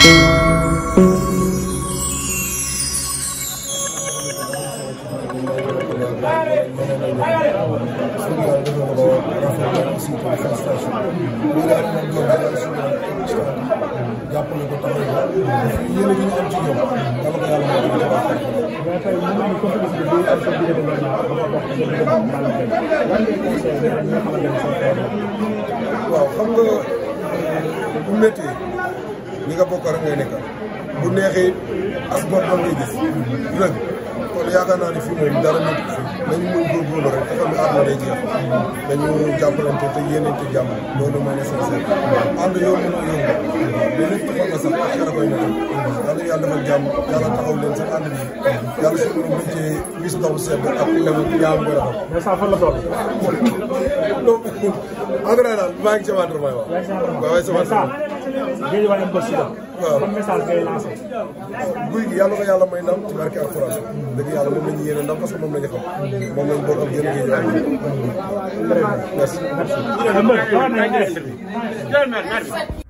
waaw xam nga euh, bu métti li nga bokk rek ngay nekk bu neexee as gor am ngay gis. dëgg kon yaakaar naa ne fii moom dara nekk fi nañu mën góorgóorlu rek te xam ne àdduna day jeex dañu jàppalante te yéeneente jàmm loolu mooy ne sincère ànd yow mën a yomb mais lépp dafa nga sax ak yàlla koy nekk yàlla yàlla engrais daal maa ngi ci waat may wax. waaw waaye sama waaw message ngay lancé. guy gi yàlla may ndam ci barke alxuraan. dëgg yàlla moom la ñu yéene ndam parce que moom la ñu xam. moom la ñu bokk ak yéen géej waay. très bien merci. merci.